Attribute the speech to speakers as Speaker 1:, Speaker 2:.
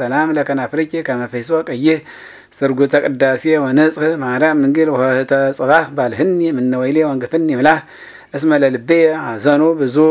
Speaker 1: ሰላም ለከናፍርኪ ከመፌሶ ቀይህ ስርጉተ ቅዳሴ ወነጽህ ማርያም ምንግል ወህተ ጽባህ ባልህኒ ምነወይሌ ወንግፍኒ ምላህ እስመ ለልቤ አዘኑ ብዙ